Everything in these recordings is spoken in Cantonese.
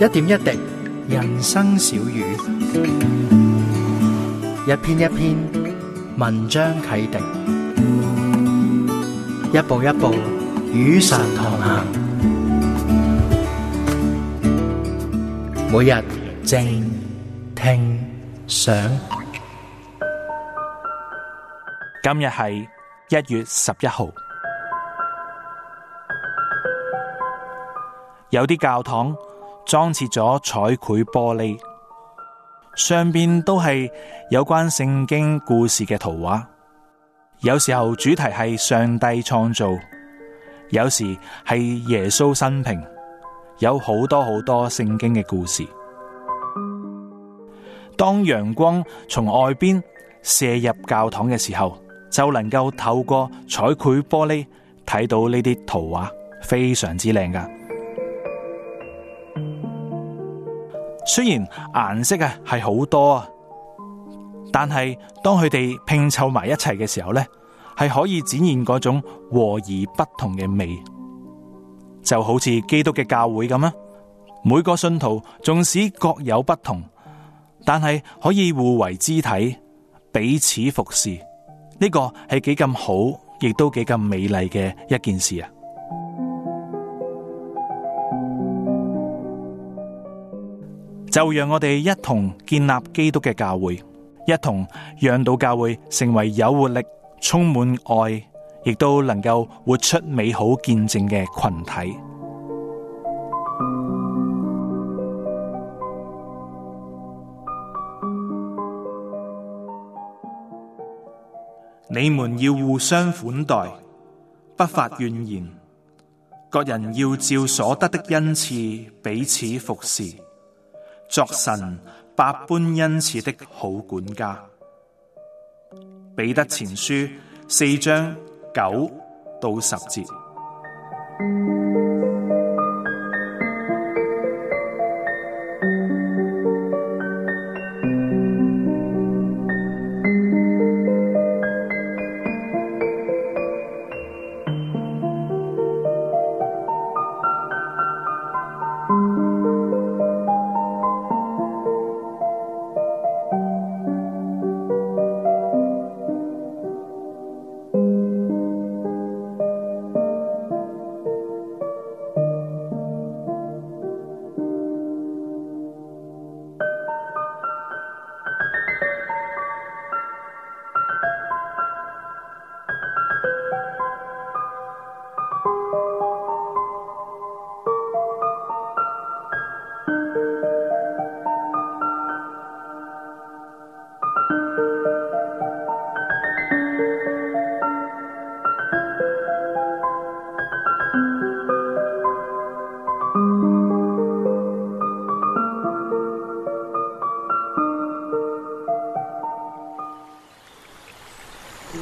一點一滴，人生小語；一篇一篇，文章啟迪；一步一步，雨傘同行。每日靜聽想，今日係一月十一號。有啲教堂。裝設咗彩繪玻璃，上邊都係有關聖經故事嘅圖畫。有時候主題係上帝創造，有時係耶穌生平，有好多好多聖經嘅故事。當陽光從外邊射入教堂嘅時候，就能夠透過彩繪玻璃睇到呢啲圖畫，非常之靚㗎。雖然顏色啊係好多啊，但係當佢哋拼湊埋一齊嘅時候呢，係可以展現嗰種和而不同嘅美，就好似基督嘅教會咁啊！每個信徒縱使各有不同，但係可以互為肢體，彼此服事，呢個係幾咁好，亦都幾咁美麗嘅一件事啊！就讓我哋一同建立基督嘅教會，一同讓到教會成為有活力、充滿愛，亦都能夠活出美好見證嘅群體。 你們要互相款待，不發怨言；各人要照所得的恩賜彼此服事。作神百般恩賜的好管家，彼得前書四章九到十節。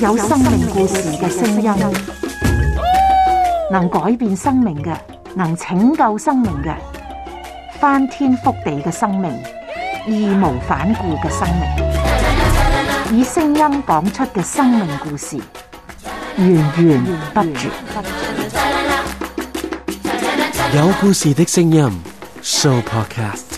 有生命故事嘅聲音，能改變生命嘅，能拯救生命嘅，翻天覆地嘅生命，義無反顧嘅生命，以聲音講出嘅生命故事，源源不絕。有故事的聲音，Sooo Podcast。